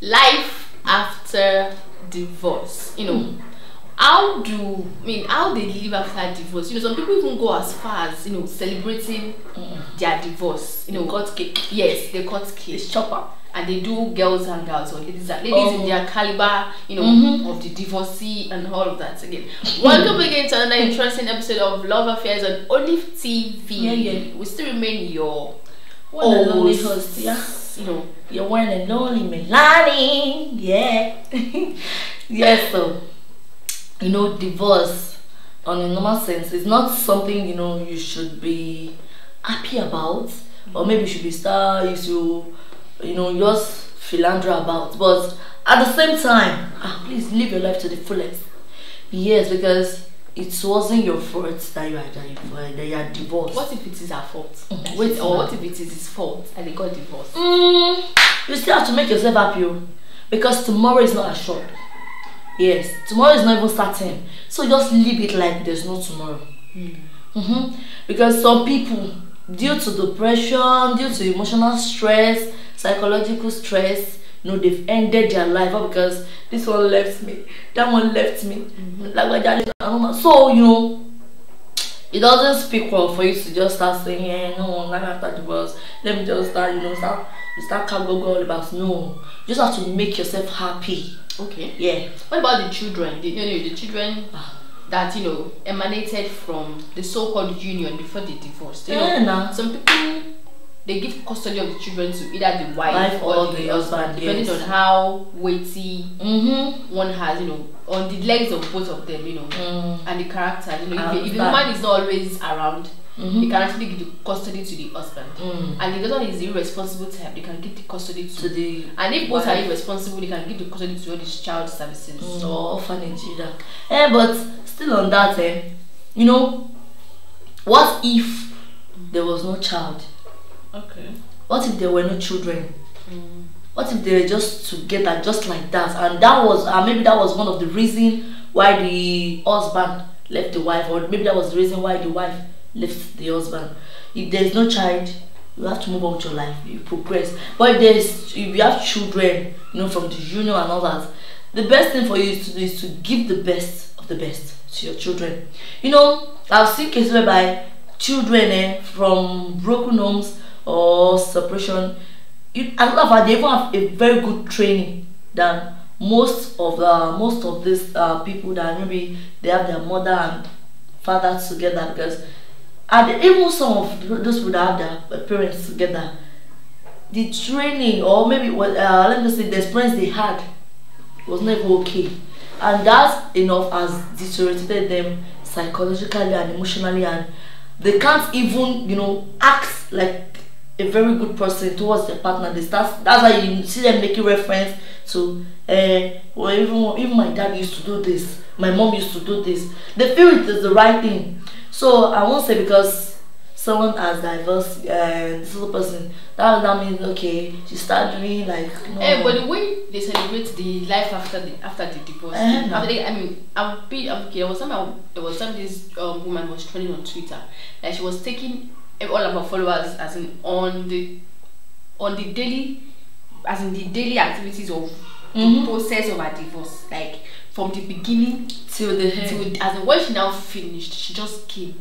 life after divorce you know hmm. how do i mean how they live after divorce you know some people even go as far as you know celebrating mm. their divorce you know cut cake yes they cut cake it's chopper and they do girls girls or ladies, ladies in oh. their caliber, you know, mm-hmm. of the divorcee and all of that again. Welcome again to another interesting episode of Love Affairs on Olive TV. Yeah, yeah. We still remain your what old host, yeah. Yes, you, your one and only Melanie. Yeah. yes, so, you know, divorce on a normal sense is not something, you know, you should be happy about. Or maybe you should be star, you should, you know, just philander about. But at the same time, ah, please live your life to the fullest. Yes, because it wasn't your fault that you are that you uh, are divorced. What if it is her fault? Mm. Wait, or uh, what if it is his fault and they got divorced? Mm. You still have to make yourself happy, oh. because tomorrow is not assured. Yes, tomorrow is not even certain. So just leave it like there's no tomorrow. Mm. Mm-hmm. Because some people, due to depression, due to emotional stress, psychological stress, no they've ended their life all because this one left me that one left me mm-hmm. lágbájá left my mama so you know it doesn't speak well for you to just start saying eh hey, no I'm after divorce let me just start you know start you start go, all about no you just have to make yourself happy. okay yeah what about the children the you know, the children. Ah. that you know emanated from the so-called union before the divorce. You yeah, know, nah. some people they give custody of the children to either the wife, wife or, or, the, husband, depending yes. on how weighty mm-hmm. one has, you know, on the legs of both of them, you know, mm. and the character. You know, if, the, if the woman is not always around, mm-hmm. they can actually give the custody to the husband. Mm. And if the husband is irresponsible type, they can give the custody to, to the. And if both wife. are irresponsible, they can give the custody to all these child services mm. funny, orphanage. Yeah. Eh, but still on that, eh, you know, what if there was no child? Okay. What if there were no children? Mm. What if they were just together, just like that? And that was, uh, maybe that was one of the reason why the husband left the wife, or maybe that was the reason why the wife left the husband. If there's no child, you have to move on with your life, you progress. But if there is, if you have children, you know, from the union and all that, the best thing for you is to, is to give the best of the best to your children. You know, I've seen cases whereby children eh, from broken homes or separation. You, a lot of they even have a very good training than most of the most of these uh, people that maybe they have their mother and father together because and even some of those would have their parents together the training or maybe what uh, let me say the experience they had was never okay and that's enough as deteriorated them psychologically and emotionally and they can't even you know act like a very good person towards their partner. They start, that's why you see them making reference to, uh, well even, even my dad used to do this, my mom used to do this. They feel it is the right thing. So I won't say because someone as diverse and uh, eh, this little person, that that means okay, she start doing like. No. Hey, eh, but the way they celebrate the life after the after the divorce, uh, after they, I mean, I'll be okay. There was some there was some this um, woman was trending on Twitter that like she was taking all of our followers as in on the on the daily as in the daily activities of mm -hmm. the mm-hmm. process of our divorce like from the beginning till the end to, as in when she now finished she just came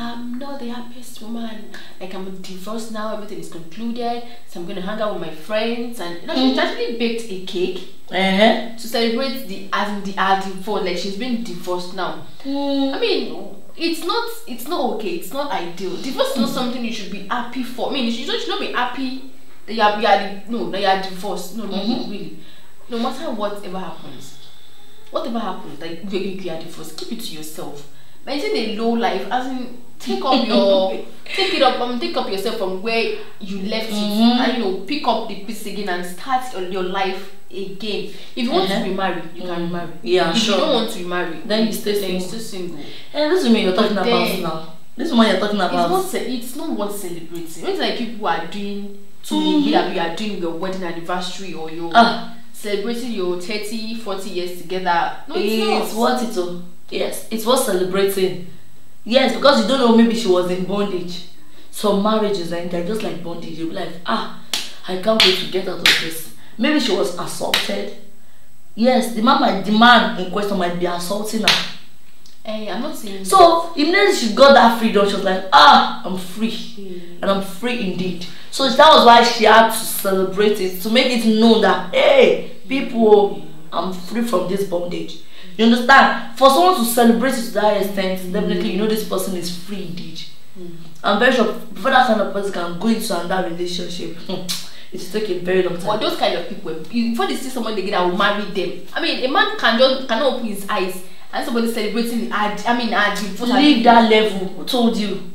I'm not the happiest woman. Like I'm divorced now, everything is concluded. So I'm gonna hang out with my friends, and you know, mm -hmm. she mm-hmm. actually baked a cake uh -huh. to celebrate the as in the divorce. Like she's been divorced now. Mm. I mean, it's not it's not okay it's not ideal divorce is not something you should be happy for i mean you should, you should not be happy that you are, you are no that you are divorced no mm -hmm. really no matter whatever happens whatever happens like you, you are divorced keep it to yourself maintain a low life as in take up your take it up um, take up yourself from where you left mm -hmm. it mm-hmm. and you know pick up the piece again and start your life again if you want uh-huh. to remarry you mm. can remarry yeah if sure you don't want to remarry then you stay single then you stay single Hey, eh, this woman you're talking but about now this woman you're talking about it's not it's not worth celebrating when like people are doing to mm-hmm. me that you are doing your wedding anniversary or your ah. celebrating your 30 40 years together no it's, it's not worth it oh yes it's worth celebrating yes because you don't know maybe she was in bondage some marriages and they're just like bondage you'll be like ah i can't wait to get out of this Maybe she was assaulted. Yes, the man might, the man in question might be assaulting her. Hey, eh, I'm not saying. So immediately she got that freedom, she was like, ah, I'm free, mm. and I'm free indeed. So that was why she had to celebrate it to make it known that hey, people, I'm free from this bondage. You understand? For someone to celebrate it to that extent, mm. definitely you know this person is free indeed. Mm. I'm very sure before that kind of person can go into another relationship. Hmm, it taking take a very long time. For those kind of people, before they see someone they get that will marry them. I mean, a man can just cannot open his eyes and somebody celebrating. I, I mean, I divorce. Leave that level. told you.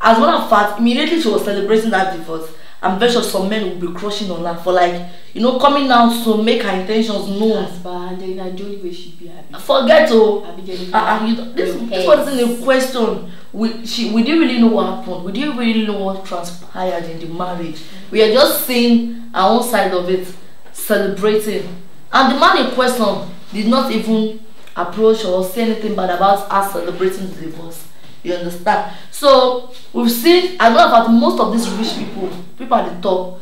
As one of fact, immediately she was celebrating that divorce. I'm very sure some men will be crushing on her for like, you know, coming out to make her intentions known. As per Angelina Jolie wey she be happy. Forget oh, Abi Jennifer. Ah, ah you this this wasn't a question. We she we didn't really know what happened. We didn't really know what transpired in the marriage. We are just seeing our own side of it, celebrating. And the man in question did not even approach or say anything bad about us celebrating the divorce. You understand? So we've seen, I know about most of these rich people, people at the top.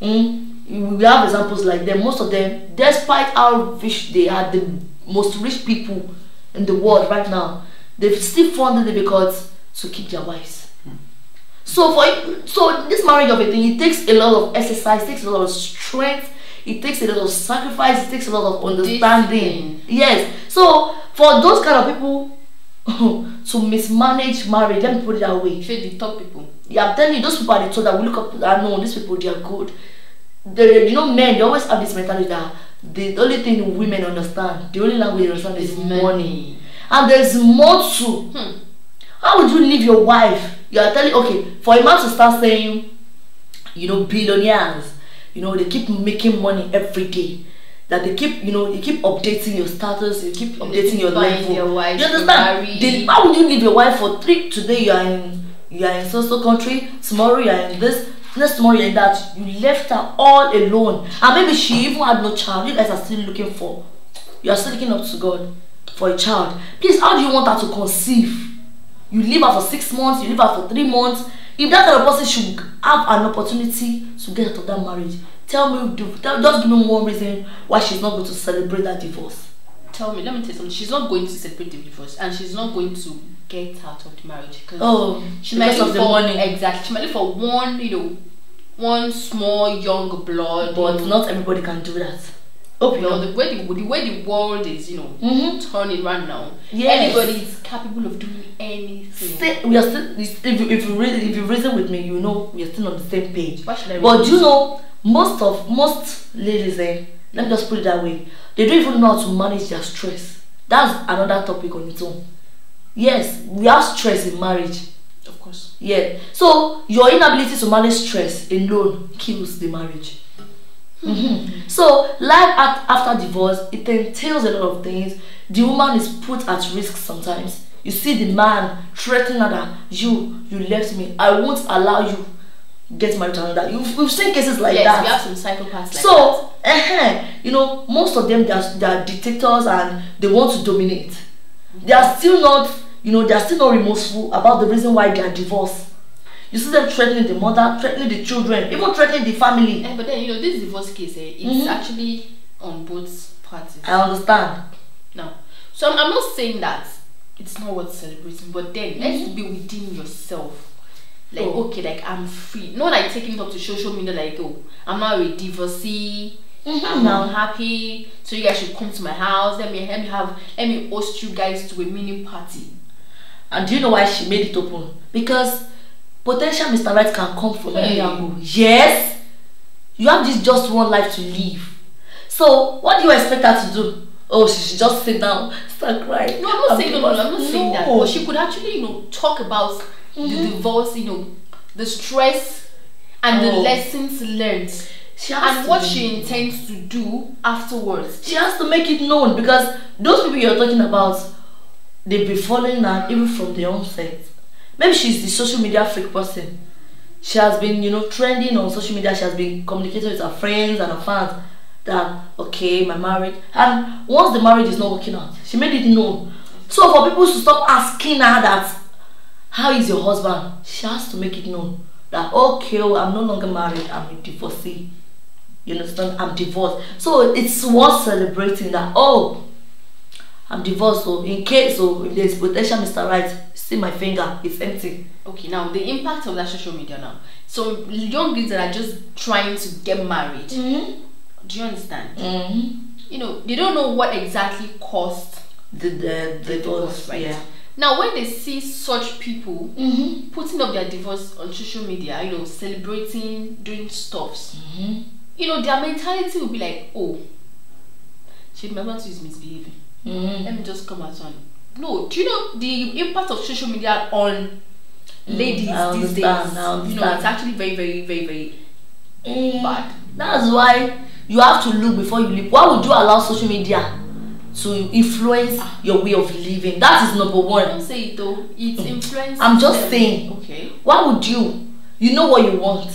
Mm, we have examples like them. Most of them, despite how rich they are, the most rich people in the world right now, they've still funded it because to keep their wives. Hmm. So for so this marriage of a thing, it takes a lot of exercise, takes a lot of strength, it takes a lot of sacrifice, it takes a lot of understanding. Yes. So for those kind of people to mismanage marriage let me put it that way. say the top people. yeah i'm telling you those people are the top that we look up to ah no these people they are good they you know men they always have this mentality that the only thing women understand the only language they understand is money, money. and there's more to hmm. how would you leave your wife you are telling okay for a man to start saying you know billionaires you know they keep making money every day that they keep you know you keep updating your status you keep updating you your level your wife, you understand they, why would you leave your wife for three today you are in you are in so so country tomorrow you are in this next tomorrow you are in that you left her all alone and maybe she even had no child you guys are still looking for you are still looking up to God for a child please how do you want her to conceive you leave her for six months you leave her for three months if that kind of person should have an opportunity to get out of that marriage Tell me, tell, just give me one reason why she's not going to celebrate that divorce. Tell me, let me tell you something. She's not going to celebrate the divorce and she's not going to get out of the marriage. Cause oh, she because of for, money. Exactly. She might live for one, you know, one small young blood. But not everybody can do that. Okay. You know, the way the, the, way the world is, you know, mm -hmm. turning right now. Yes. Anybody is capable of doing anything. we are still, if you, if you reason, if you reason with me, you know we are still on the same page. Why should I? But you know, most of most ladies eh let me just put it that way they don't even know how to manage their stress that's another topic on its own yes we have stress in marriage of course yeah so your inability to manage stress alone kills the marriage mm -hmm. so life at, after divorce it entails a lot of things the woman is put at risk sometimes you see the man threatening her that you you left me i won't allow you get married to another. You've, we've seen cases like yes, that. Yes, we have some psychopaths like so, that. So, uh-huh, you know, most of them, they are, they are dictators and they want to dominate. They are still not, you know, they are still not remorseful about the reason why they are divorced. You see them threatening the mother, threatening the children, even threatening the family. Yeah, but then, you know, this divorce case, eh, it's mm -hmm. actually on both parties. I understand. Now, so I'm, I'm not saying that it's not worth celebrating, but then mm -hmm. let's mm-hmm. be within yourself like oh. okay like i'm free not like taking it up to social media like oh i'm not a divorcee mm-hmm. i'm not happy so you guys should come to my house let me let me have let me host you guys to a mini party and do you know why she made it open because potential mr right can come from hey. any angle yes you have this just one life to live so what do you expect her to do oh she should just sit down start crying no i'm not saying no no i'm not saying no. that but she could actually you know talk about mm -hmm. the divorce, you know, the stress and oh. the lessons learned. and what she intends to do afterwards. She has to make it known because those people you're talking about, they've been following her even from the onset. Maybe she's the social media freak person. She has been, you know, trending on social media. She has been communicating with her friends and her fans that okay, my marriage. And once the marriage is not working out, she made it known. So for people to stop asking her that how is your husband? She has to make it known that, okay, well, oh, I'm no longer married, I'm a divorcee. You understand? I'm divorced. So it's worth celebrating that, oh, I'm divorced, so in case so if there's potential Mr. Right, see my finger, it's empty. Okay, now the impact of that social media now. So young girls that are just trying to get married. Mm -hmm. Do you understand? Mm -hmm. You know, they don't know what exactly caused the the, the, the divorce, divorce, right? Yeah. Now, when they see such people mm-hmm. putting up their divorce on social media, you know, celebrating, doing stuffs, mm-hmm. you know, their mentality will be like, oh, she my mother is misbehaving. Mm-hmm. Let me just come out on. No, do you know the impact of social media on mm-hmm. ladies mm, these days? You know, it's actually very, very, very, very mm, bad. That's why you have to look before you leap. Why would you allow social media? to influence your way of living. That is number one. Don't say it though. It mm. influences. I'm just them. saying. Okay. Why would you? You know what you want.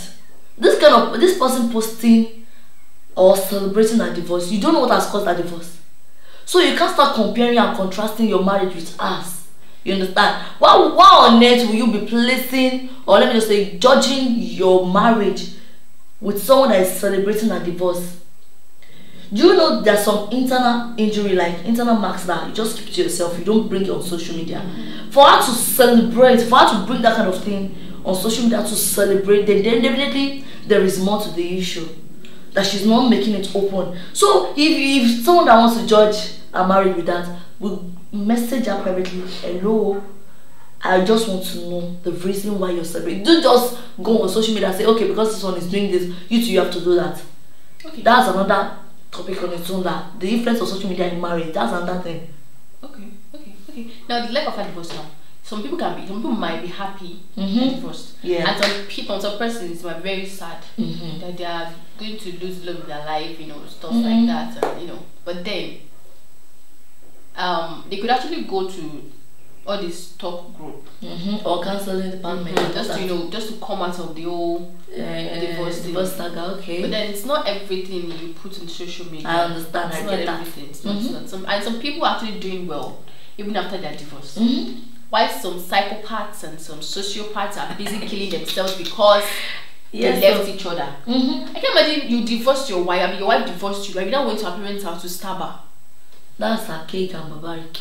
This kind of this person posting or celebrating a divorce, you don't know what has caused that divorce. So you can't start comparing and contrasting your marriage with us. You understand? Why, why on earth will you be placing or let me just say judging your marriage with someone that is celebrating a divorce? Do you know there's some internal injury, like internal marks that you just keep to yourself, you don't bring it on social media? Mm-hmm. For her to celebrate, for her to bring that kind of thing on social media to celebrate, then, then definitely there is more to the issue. That she's not making it open. So if, if someone that wants to judge and married with that will message her privately, hello, I just want to know the reason why you're celebrating. Don't just go on social media and say, okay, because this one is doing this, you too, you have to do that. Okay. That's another topic on its own that the influence of social media in marriage, that's another thing. Okay, okay, okay. Now the lack of divorce now. Some people can be, some people might be happy mm -hmm. divorced, yeah. and some people, some persons might be very sad mm -hmm. that they are going to lose love of their life, you know, stuff mm -hmm. like mm-hmm. that, and, you know. But then, um, they could actually go to all this talk group mm -hmm. or canceling the mm -hmm. just to, you know just to come out of the old yeah, eh, divorce, yeah, divorce saga okay but then it's not everything you put on social media i understand it's I not everything that. it's not, mm -hmm. not some, and some people are actually doing well even after their divorce mm-hmm. Why some psychopaths and some sociopaths are busy killing themselves because yes, they left so. each other. Mm -hmm. I can not imagine you divorced your wife, I mean, your wife divorced you, and you now went to her parents' house to stab her. That's a cake and barbaric.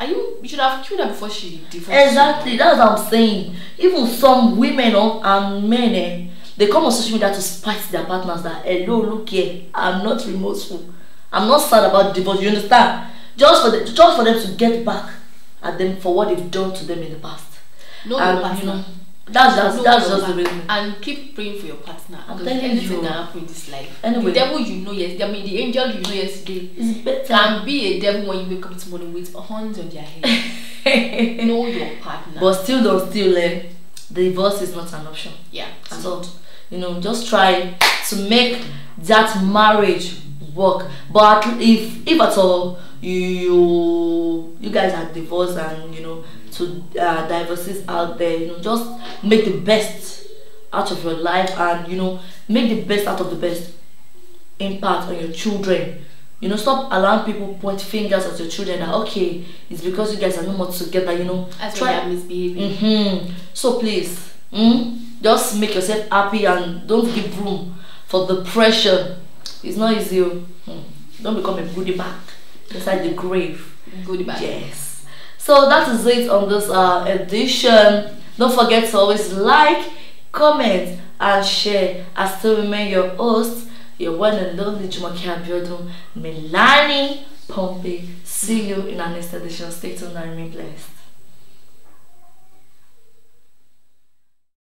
Are you? You should have killed her before she divorced. Exactly. That's what I'm saying. Even some women oh, and men, eh, they come on social media to spite their partners that hello, eh, look here, I'm not remorseful. I'm not sad about divorce. You understand? Just for the, just for them to get back at them for what they've done to them in the past. No, and, no, you know. That's just that's just the reason. And keep praying for your partner. I'm telling anything you, can happen in this life. Anyway, the devil you know yes, I mean the angel you know yesterday Can be a devil when you wake up this morning with horns on their head. know your partner. But still, don't still learn. Eh, divorce is not an option. Yeah, at all. You know, just try to make that marriage work. But if if at all you you guys are divorced and you know to uh, divorces out there. You know, just make the best out of your life and you know make the best out of the best impact on your children. You know, stop allowing people point fingers at your children that okay, it's because you guys are no more together. You know, as try well misbehaving. Mm -hmm. So please, mm, just make yourself happy and don't give room for the pressure. It's not easy. Oh. Mm. Don't become a goody bag inside the grave. Goody bag. Yes so that is it on this uh, edition don't forget to always like comment and share i still remain your host your one and only Jumoke Abiodun, Melanie Pompey. See you in our next edition. Stay tuned and remain blessed.